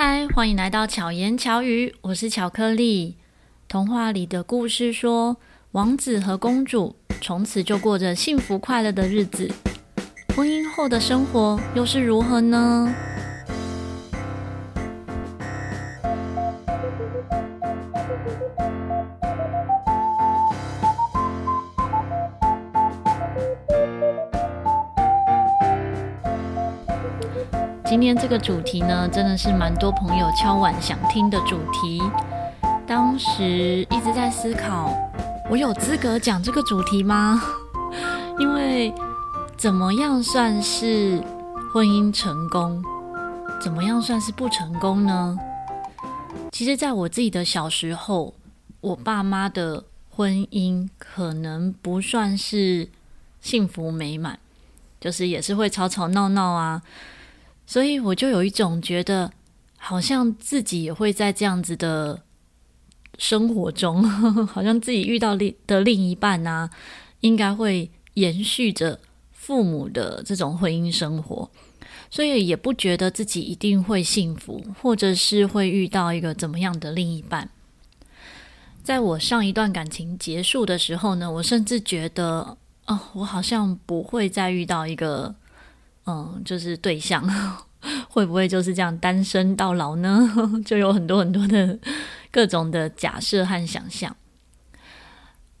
嗨，Hi, 歡迎來到巧言巧語，我是巧克力。童話裡的故事說，王子和公主從此就過着幸福快樂的日子。婚姻後的生活又是如何呢？今天這個主題呢，真的是蠻多朋友敲碗想聽的主題。當時一直在思考，我有資格講這個主題嗎？因為怎麼樣算是婚姻成功，怎麼樣算是不成功呢？其實在我自己的小時候，我爸媽的婚姻可能不算是幸福美滿，就是也是會吵吵鬧鬧啊。所以我就有一種覺得，好像自己也會在這樣子的生活中，好像自己遇到另的另一半呢、啊，應該會延續着父母的這種婚姻生活，所以也不覺得自己一定會幸福，或者是會遇到一個怎麼樣的另一半。在我上一段感情結束的時候呢，我甚至覺得，哦，我好像不會再遇到一個。嗯，就是對象會不會就是這樣單身到老呢？就有很多很多的各種的假設和想象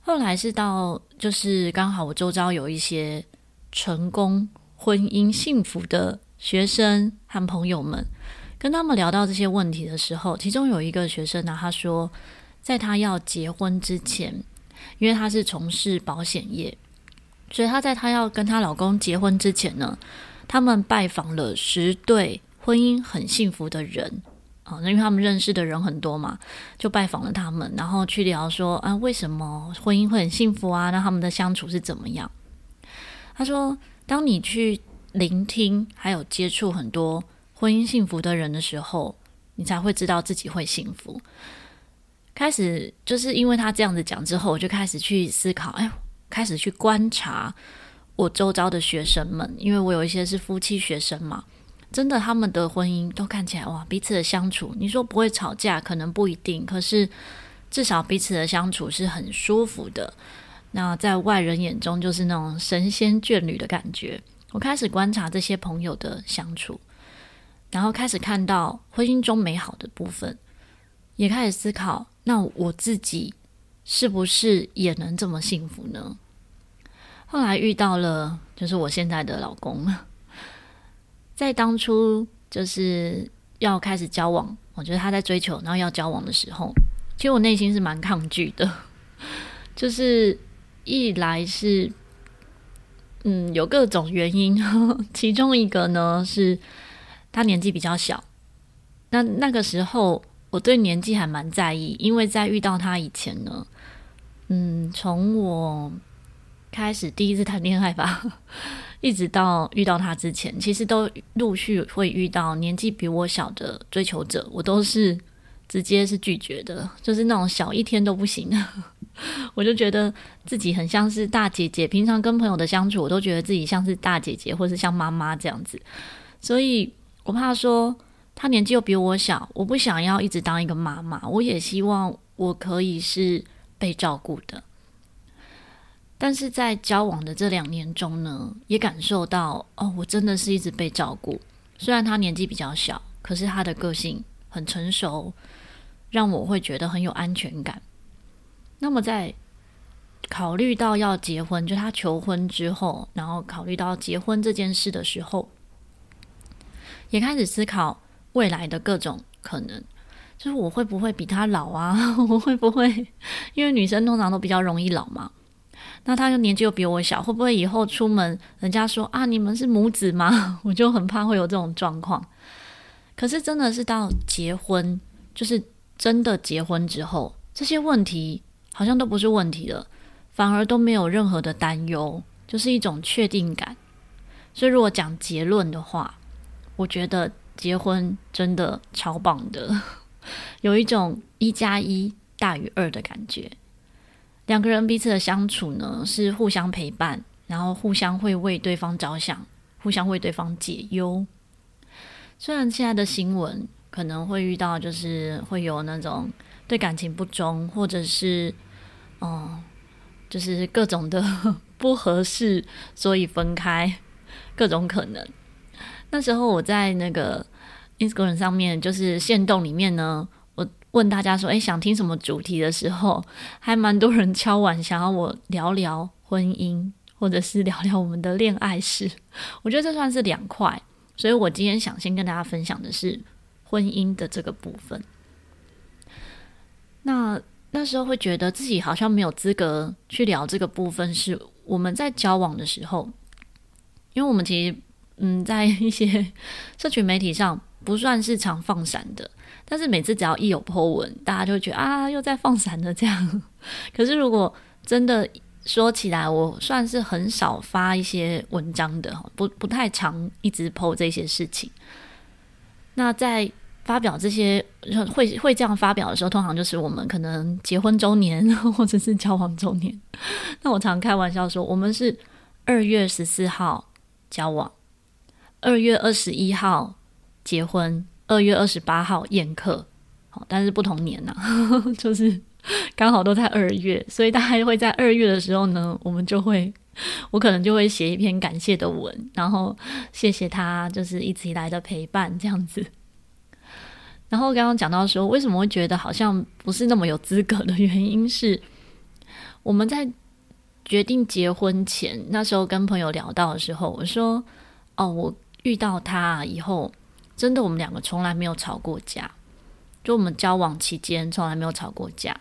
後來是到，就是剛好我周遭有一些成功、婚姻幸福的學生和朋友們，跟他們聊到這些問題的時候，其中有一個學生呢、啊，他說，在他要結婚之前，因為他是從事保險業，所以他在他要跟她老公結婚之前呢。他們拜訪了十對婚姻很幸福的人，啊，因為他們認識的人很多嘛，就拜訪了他們，然後去聊說啊，為什麼婚姻會很幸福啊？那他們的相處是怎麼樣？他說，當你去聆聽，還有接觸很多婚姻幸福的人的時候，你才會知道自己會幸福。開始就是因為他這樣子講之後，我就開始去思考，哎，開始去觀察。我周遭的學生們，因為我有一些是夫妻學生嘛，真的他們的婚姻都看起來哇，彼此的相處，你說不會吵架，可能不一定，可是至少彼此的相處是很舒服的。那在外人眼中就是那種神仙眷侶的感覺。我開始觀察這些朋友的相處，然後開始看到婚姻中美好的部分，也開始思考，那我自己是不是也能這麼幸福呢？後來遇到了，就是我現在的老公，在當初就是要開始交往，我覺得他在追求，然後要交往的時候，其實我內心是蠻抗拒的，就是一來是，嗯，有各種原因，呵呵其中一個呢是他年紀比較小，那那個時候我對年紀還蠻在意，因為在遇到他以前呢，嗯，從我。開始第一次談戀愛吧，一直到遇到他之前，其實都陸續會遇到年紀比我小的追求者，我都是直接是拒絕的，就是那種小一天都不行了。我就覺得自己很像是大姐姐，平常跟朋友的相處，我都覺得自己像是大姐姐或是像媽媽這樣子，所以我怕說他年紀又比我小，我不想要一直當一個媽媽，我也希望我可以是被照顧的。但是在交往的這兩年中呢，也感受到哦，我真的是一直被照顧。雖然他年紀比較小，可是他的個性很成熟，讓我會覺得很有安全感。那麼在考慮到要結婚，就他求婚之後，然後考慮到結婚這件事的時候，也開始思考未來的各種可能。就是我會不會比他老啊？我會不會因為女生通常都比較容易老嘛？那他又年紀又比我小，會不會以後出門人家說啊，你們是母子嗎？我就很怕會有這種狀況。可是真的是到結婚，就是真的結婚之後，這些問題好像都不是問題了，反而都沒有任何的擔憂，就是一種確定感。所以如果講結論的話，我覺得結婚真的超棒的，有一種一加一大於二的感覺。兩個人彼此的相處呢，是互相陪伴，然後互相會為對方着想，互相為對方解憂。雖然現在的新聞可能會遇到，就是會有那種對感情不忠，或者是嗯，就是各種的 不合適，所以分開，各種可能。那時候我在那個 Instagram 上面，就是限動裡面呢。問大家說：“哎，想聽什麼主題的時候，還蠻多人敲碗想要我聊聊婚姻，或者是聊聊我們的戀愛史。我覺得這算是兩塊，所以我今天想先跟大家分享的是婚姻的這個部分。那那時候會覺得自己好像沒有資格去聊這個部分，是我們在交往的時候，因為我們其實嗯，在一些社群媒體上不算是常放閃的。”但是每次只要一有 Po 文，大家就會覺得啊，又在放閃的這樣。可是如果真的說起來，我算是很少發一些文章的，不不太常一直 Po 這些事情。那在發表這些會會這樣發表的時候，通常就是我們可能結婚週年或者是交往週年。那我常開玩笑說，我們是二月十四號交往，二月二十一號結婚。二月二十八號宴客，好，但是不同年呢、啊，就是剛好都在二月，所以大概會在二月的時候呢，我們就會，我可能就會寫一篇感謝的文，然後謝謝他，就是一直以來的陪伴這樣子。然後剛剛講到的時候，為什麼會覺得好像不是那麼有資格的原因是，我們在決定結婚前，那時候跟朋友聊到的時候，我說，哦，我遇到他以後。真的，我們兩個從來沒有吵過架，就我們交往期間從來沒有吵過架，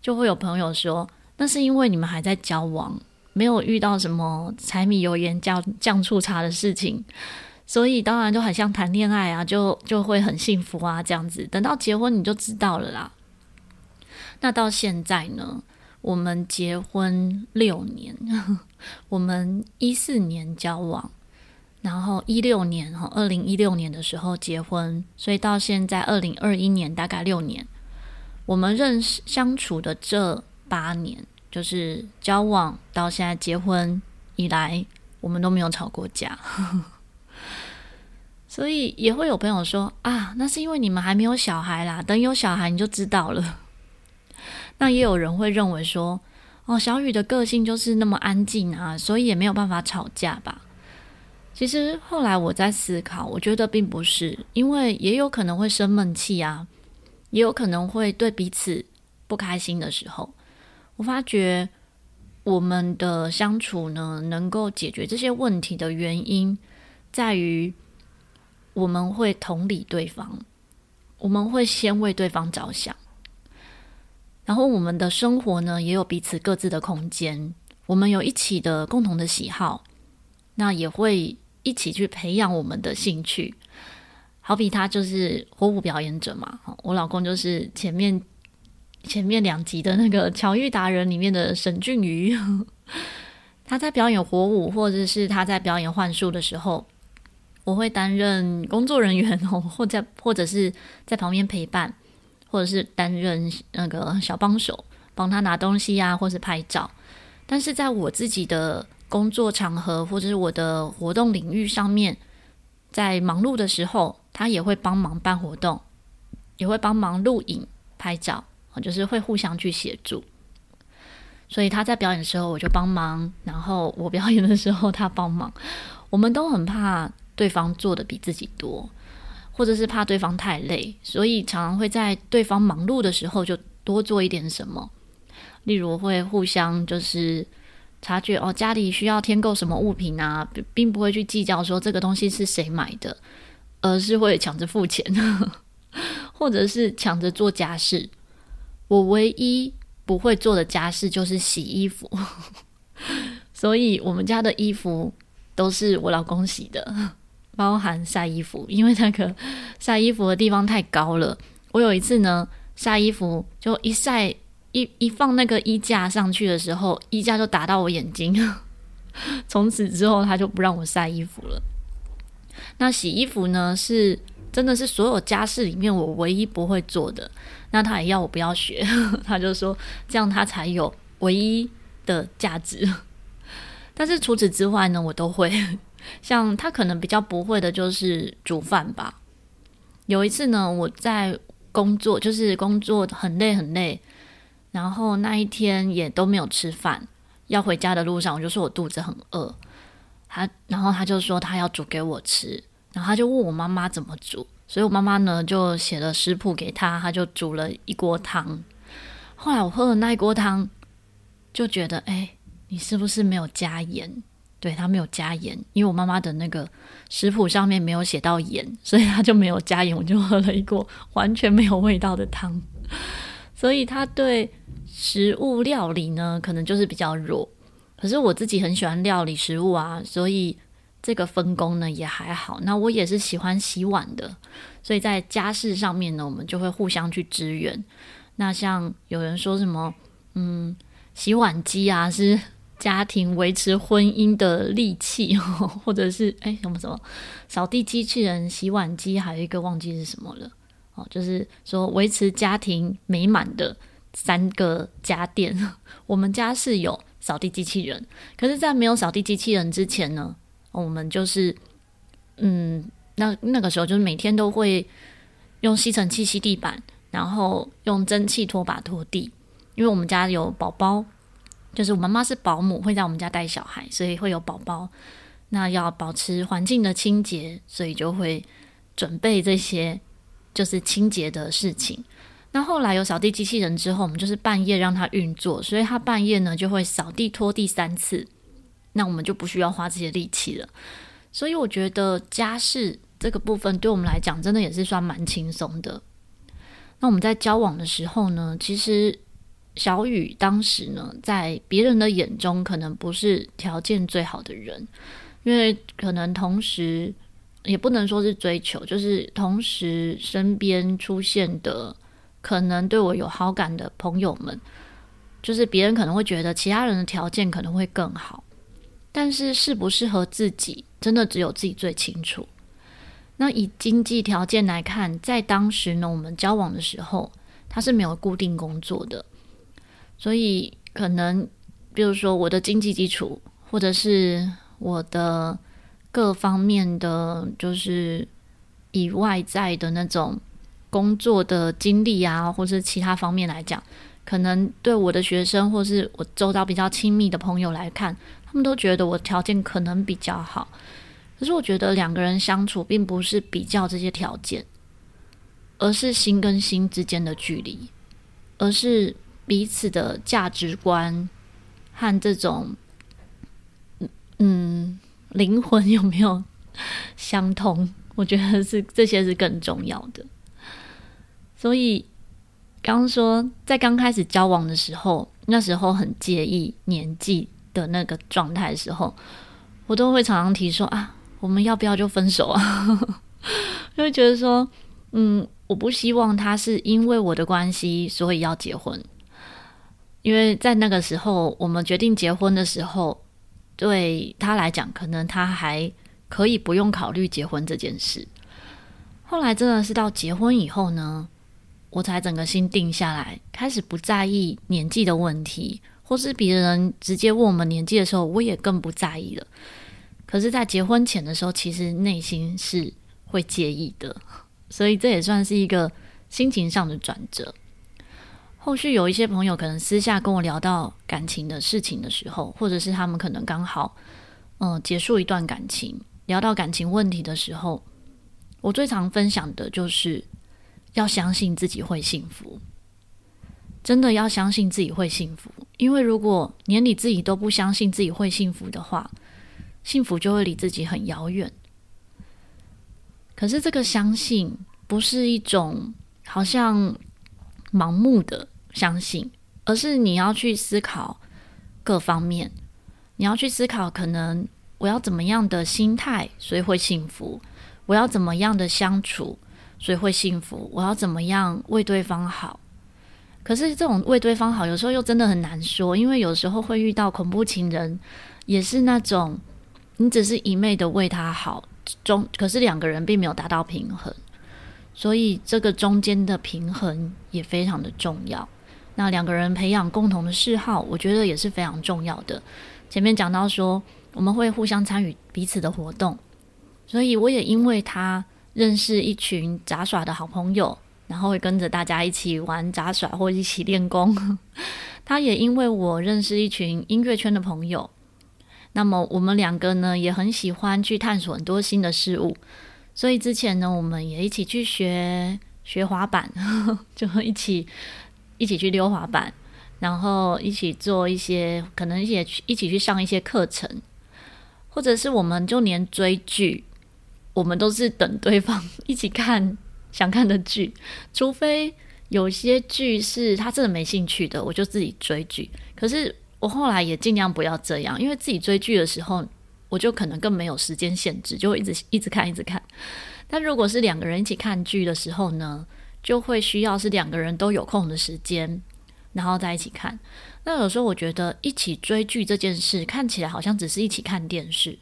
就會有朋友說，那是因為你們還在交往，沒有遇到什麼柴米油鹽醬醬醋茶的事情，所以當然就很像談戀愛啊，就就會很幸福啊這樣子。等到結婚你就知道了啦。那到現在呢，我們結婚六年， 我們一四年交往。然後一六年哈，二零一六年的時候結婚，所以到現在二零二一年大概六年，我們認識相處的這八年，就是交往到現在結婚以來，我們都沒有吵過架。 所以也會有朋友說啊，那是因為你們還沒有小孩啦，等有小孩你就知道了。那也有人會認為說，哦，小宇的個性就是那麼安靜啊，所以也沒有辦法吵架吧。其實後來我在思考，我覺得並不是，因為也有可能會生悶氣啊，也有可能會對彼此不開心的時候，我發覺我們的相處呢，能夠解決這些問題的原因，在於我們會同理對方，我們會先為對方着想，然後我們的生活呢，也有彼此各自的空間，我們有一起的共同的喜好，那也會。一起去培養我們的興趣。好比他就是火舞表演者嘛，我老公就是前面前面兩集的那個巧遇達人裡面的沈俊宇。 他在表演火舞，或者是他在表演幻術的時候，我會擔任工作人員哦，或在或者是在旁邊陪伴，或者是擔任那個小幫手，幫他拿東西呀、啊，或是拍照。但是在我自己的工作場合或者是我的活動領域上面，在忙碌的時候，他也會幫忙辦活動，也會幫忙錄影、拍照，就是會互相去協助。所以他在表演的時候，我就幫忙；然後我表演的時候，他幫忙。我們都很怕對方做得比自己多，或者是怕對方太累，所以常常會在對方忙碌的時候就多做一點什麼。例如會互相就是。察覺哦，家裡需要添購什麼物品啊，並並不會去計較說這個東西是誰買的，而是會搶着付錢，或者是搶着做家事。我唯一不會做的家事就是洗衣服，所以我們家的衣服都是我老公洗的，包含曬衣服，因為那個曬衣服的地方太高了。我有一次呢，曬衣服就一曬，一一放那個衣架上去的時候，衣架就打到我眼睛。從 此之後，他就不讓我曬衣服了。那洗衣服呢，是真的是所有家事裡面我唯一不會做的。那他也要我不要學， 他就說這樣他才有唯一的價值。 但是除此之外呢，我都會。 像他可能比較不會的就是煮飯吧。有一次呢，我在工作，就是工作很累很累。然後那一天也都沒有吃飯，要回家的路上我就說我肚子很餓，他，然後他就說他要煮給我吃，然後他就問我媽媽怎麼煮，所以我媽媽呢就寫了食譜給他，他就煮了一鍋湯。後來我喝了那一鍋湯，就覺得哎，你是不是沒有加鹽？對，他沒有加鹽，因為我媽媽的那個食譜上面沒有寫到鹽，所以他就沒有加鹽，我就喝了一鍋完全沒有味道的湯。所以他對食物料理呢，可能就是比較弱。可是我自己很喜歡料理食物啊，所以這個分工呢也還好。那我也是喜歡洗碗的，所以在家事上面呢，我們就會互相去支援。那像有人說什麼，嗯，洗碗機啊，是家庭維持婚姻的利器哦，或者是哎、欸、什麼什麼，掃地機器人、洗碗機，還有一個忘記是什麼了。哦，就是說維持家庭美滿的三個家電。我們家是有掃地機器人，可是，在沒有掃地機器人之前呢，我們就是，嗯，那那個時候就是每天都會用吸塵器吸地板，然後用蒸汽拖把拖地。因為我們家有寶寶，就是我媽媽是保姆，會在我們家帶小孩，所以會有寶寶。那要保持環境的清潔，所以就會準備這些。就是清潔的事情。那後來有掃地機器人之後，我們就是半夜讓它運作，所以它半夜呢就會掃地拖地三次。那我們就不需要花這些力氣了。所以我覺得家事這個部分對我們來講，真的也是算蠻輕鬆的。那我們在交往的時候呢，其實小宇當時呢，在別人的眼中可能不是條件最好的人，因為可能同時。也不能說是追求，就是同時身邊出現的可能對我有好感的朋友們，就是別人可能會覺得其他人的條件可能會更好，但是適不適合自己，真的只有自己最清楚。那以經濟條件來看，在當時呢，我們交往的時候，他是沒有固定工作的，所以可能比如說我的經濟基礎，或者是我的。各方面的就是以外在的那種工作的經歷啊，或是其他方面來講，可能對我的學生或是我周遭比較親密的朋友來看，他們都覺得我條件可能比較好。可是我覺得兩個人相處並不是比較這些條件，而是心跟心之間的距離，而是彼此的價值觀和這種嗯嗯。靈魂有沒有相通？我覺得是這些是更重要的。所以，剛說在剛開始交往的時候，那時候很介意年紀的那個狀態的時候，我都會常常提說啊，我們要不要就分手啊？ 就會覺得說，嗯，我不希望他是因為我的關係所以要結婚，因為在那個時候我們決定結婚的時候。對他來講，可能他還可以不用考慮結婚這件事。後來真的是到結婚以後呢，我才整個心定下來，開始不在意年紀的問題，或是別人直接問我們年紀的時候，我也更不在意了。可是在結婚前的時候，其實內心是會介意的，所以這也算是一個心情上的轉折。後續有一些朋友可能私下跟我聊到感情的事情的時候，或者是他們可能剛好嗯結束一段感情，聊到感情問題的時候，我最常分享的就是要相信自己會幸福，真的要相信自己會幸福，因為如果連你自己都不相信自己會幸福的話，幸福就會離自己很遙遠。可是這個相信不是一種好像盲目的相信，而是你要去思考各方面，你要去思考，可能我要怎麼樣的心態，所以會幸福；我要怎麼樣的相處，所以會幸福；我要怎麼樣為對方好。可是這種為對方好，有時候又真的很難說，因為有時候會遇到恐怖情人，也是那種你只是一昧的為他好，中可是兩個人並沒有達到平衡，所以這個中間的平衡也非常的重要。那兩個人培養共同的嗜好，我覺得也是非常重要的。前面講到說，我們會互相參與彼此的活動，所以我也因為他認識一群雜耍的好朋友，然後會跟着大家一起玩雜耍或一起練功。 他也因為我認識一群音樂圈的朋友，那麼我們兩個呢也很喜歡去探索很多新的事物，所以之前呢我們也一起去學學滑板， 就一起。一起去溜滑板，然後一起做一些，可能也一起去上一些課程，或者是我們就連追劇，我們都是等對方一起看想看的劇，除非有些劇是他真的沒興趣的，我就自己追劇。可是我後來也盡量不要這樣，因為自己追劇的時候，我就可能更沒有時間限制，就會一直一直看一直看。但如果是兩個人一起看劇的時候呢，就會需要是兩個人都有空的時間，然後再一起看。那有時候我覺得一起追劇這件事看起來好像只是一起看電視，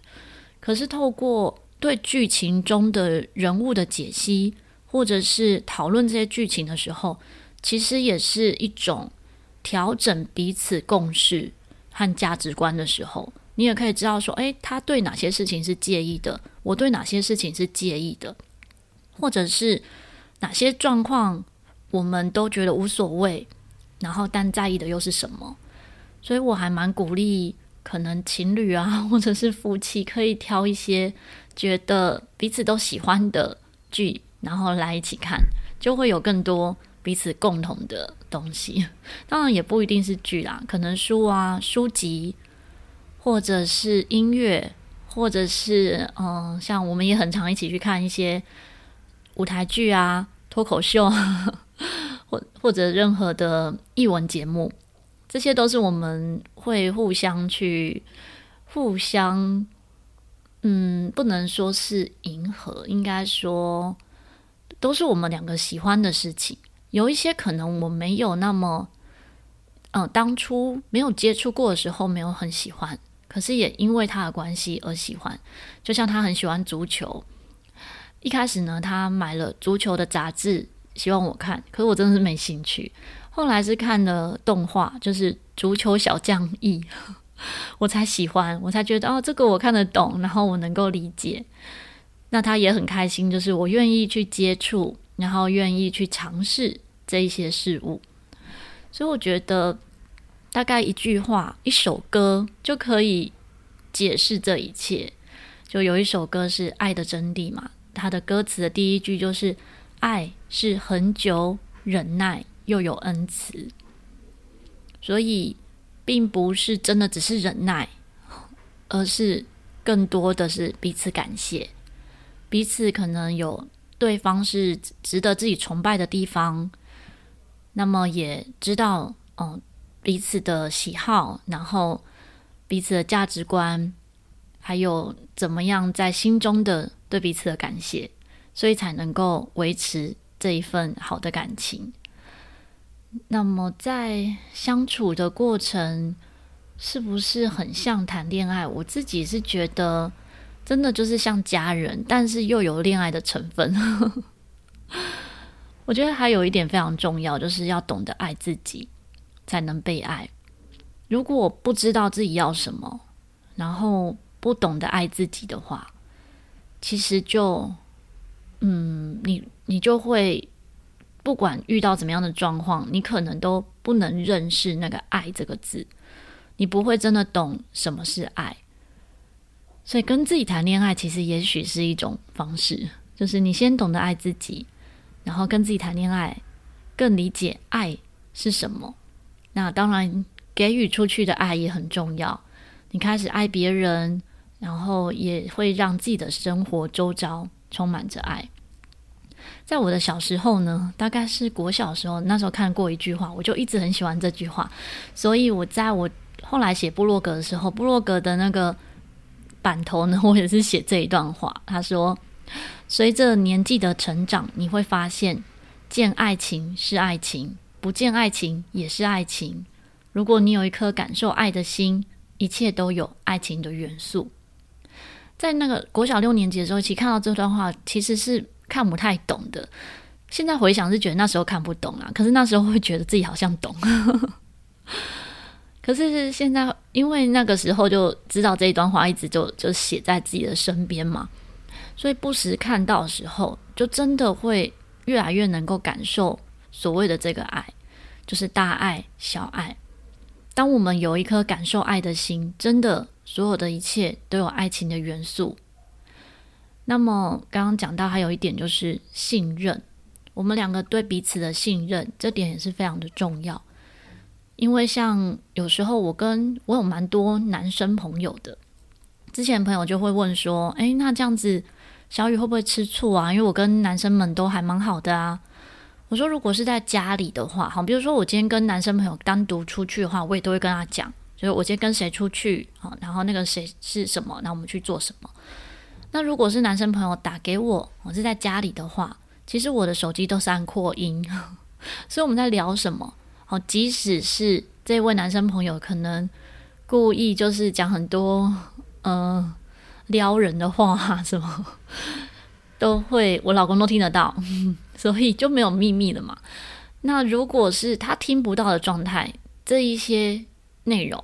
可是透過對劇情中的人物的解析，或者是討論這些劇情的時候，其實也是一種調整彼此共識和價值觀的時候。你也可以知道說，誒，他對哪些事情是介意的，我對哪些事情是介意的，或者是。哪些狀況我們都覺得無所謂，然後但在意的又是什麼？所以，我還蠻鼓勵可能情侶啊，或者是夫妻，可以挑一些覺得彼此都喜歡的劇，然後來一起看，就會有更多彼此共同的東西。當然，也不一定是劇啦，可能書啊、書籍，或者是音樂，或者是嗯，像我們也很常一起去看一些。舞台劇啊，脫口秀，或或者任何的藝文節目，這些都是我們會互相去互相，嗯，不能說是迎合，應該說都是我們兩個喜歡的事情。有一些可能我沒有那麼，嗯、呃，當初沒有接觸過的時候沒有很喜歡，可是也因為他的關係而喜歡。就像他很喜歡足球。一開始呢，他買了足球的雜誌，希望我看，可是我真的是沒興趣。後來是看了動畫，就是《足球小將》翼， 我才喜歡，我才覺得哦，這個我看得懂，然後我能夠理解。那他也很開心，就是我願意去接觸，然後願意去嘗試這些事物。所以我覺得，大概一句話、一首歌就可以解釋這一切。就有一首歌是《愛的真諦》嘛。他的歌詞的第一句就是“愛是恆久忍耐，又有恩慈”，所以並不是真的只是忍耐，而是更多的是彼此感謝，彼此可能有對方是值得自己崇拜的地方，那麼也知道、嗯、彼此的喜好，然後彼此的價值觀，還有怎麼樣在心中的。對彼此的感謝，所以才能夠維持這一份好的感情。那麼在相處的過程，是不是很像談戀愛？我自己是覺得，真的就是像家人，但是又有戀愛的成分。 我覺得還有一點非常重要，就是要懂得愛自己，才能被愛。如果我不知道自己要什麼，然後不懂得愛自己的話，其實就，嗯，你你就會不管遇到怎麼樣的狀況，你可能都不能認識那個“愛”這個字，你不會真的懂什麼是愛。所以跟自己談戀愛，其實也許是一種方式，就是你先懂得愛自己，然後跟自己談戀愛，更理解愛是什麼。那當然，給予出去的愛也很重要，你開始愛別人。然後也會讓自己的生活周遭充滿着愛。在我的小時候呢，大概是國小的時候，那時候看過一句話，我就一直很喜歡這句話。所以，我在我後來寫部落格的時候，部落格的那個版頭呢，我也是寫這一段話。他說：“隨着年紀的成長，你會發現，見愛情是愛情，不見愛情也是愛情。如果你有一顆感受愛的心，一切都有愛情的元素。”在那個國小六年級的時候，其實看到這段話，其實是看不太懂的。現在回想是覺得那時候看不懂啊，可是那時候會覺得自己好像懂。 可是現在，因為那個時候就知道這一段話，一直就就寫在自己的身邊嘛，所以不時看到的時候，就真的會越來越能夠感受所謂的這個愛，就是大愛、小愛。當我們有一顆感受愛的心，真的。所有的一切都有愛情的元素。那麼剛剛講到，還有一點就是信任，我們兩個對彼此的信任，這點也是非常的重要。因為像有時候我跟我有蠻多男生朋友的，之前朋友就會問說：“誒，那這樣子小宇會不會吃醋啊？”因為我跟男生們都還蠻好的啊。我說如果是在家裡的話，好，比如說我今天跟男生朋友單獨出去的話，我也都會跟他講。就是我今天跟誰出去啊，然後那個誰是什麼，那我們去做什麼。那如果是男生朋友打給我，我是在家裡的話，其實我的手機都是按擴音，所以我們在聊什麼。好，即使是這位男生朋友可能故意就是講很多嗯、呃、撩人的話、啊、什麼，都會我老公都聽得到，所以就沒有秘密了嘛。那如果是他聽不到的狀態，這一些。內容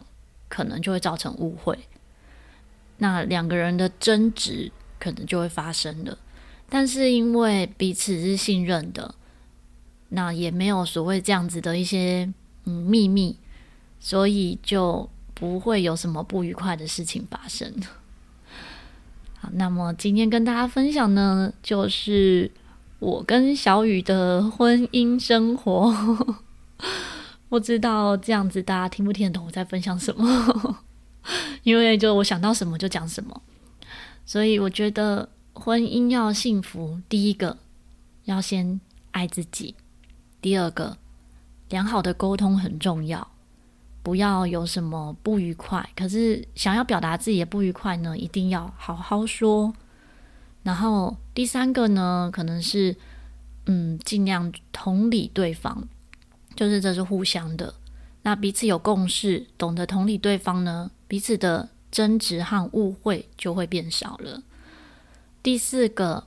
可能就會造成誤會，那兩個人的爭執可能就會發生的，但是因為彼此是信任的，那也沒有所謂這樣子的一些嗯、祕密，所以就不會有什麼不愉快的事情發生。好，那麼今天跟大家分享呢，就是我跟小宇的婚姻生活。 不知道這樣子大家聽不聽得懂我在分享什麼？ 因為就我想到什麼就講什麼，所以我覺得婚姻要幸福，第一個要先愛自己，第二個良好的溝通很重要，不要有什麼不愉快。可是想要表達自己的不愉快呢，一定要好好說。然後第三個呢，可能是嗯，盡量同理對方。就是這是互相的，那彼此有共識，懂得同理對方呢，彼此的爭執和誤會就會變少了。第四個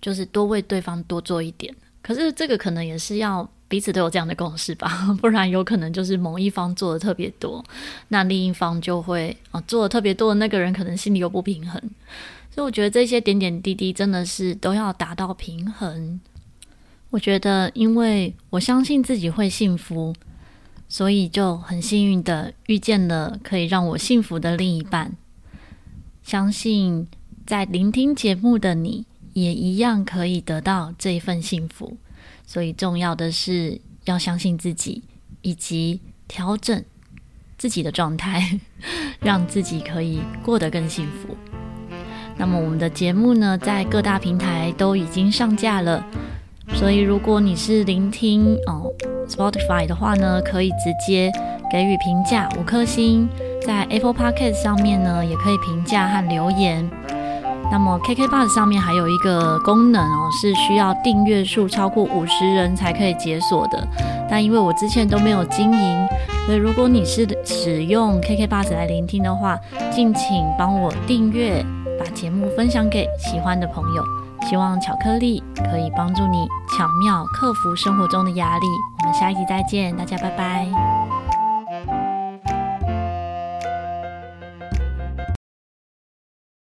就是多為對方多做一點，可是這個可能也是要彼此都有這樣的共識吧，不然有可能就是某一方做的特別多，那另一方就會啊、哦、做的特別多的那個人可能心裡又不平衡，所以我覺得這些點點滴滴真的是都要達到平衡。我覺得，因為我相信自己會幸福，所以就很幸運地遇見了可以讓我幸福的另一半。相信在聆聽節目的你也一樣可以得到這一份幸福。所以重要的是要相信自己，以及調整自己的狀態，讓自己可以過得更幸福。那麼我們的節目呢，在各大平台都已經上架了。所以，如果你是聆聽哦 Spotify 的話呢，可以直接給予評價五顆星。在 Apple Podcast 上面呢，也可以評價和留言。那麼 KKBox 上面還有一個功能哦，是需要訂閱數超過五十人才可以解鎖的。但因為我之前都沒有經營，所以如果你是使用 KKBox 來聆聽的話，敬請幫我訂閱，把節目分享給喜歡的朋友。希望巧克力可以幫助你巧妙克服生活中的壓力。我們下一集再見，大家拜拜。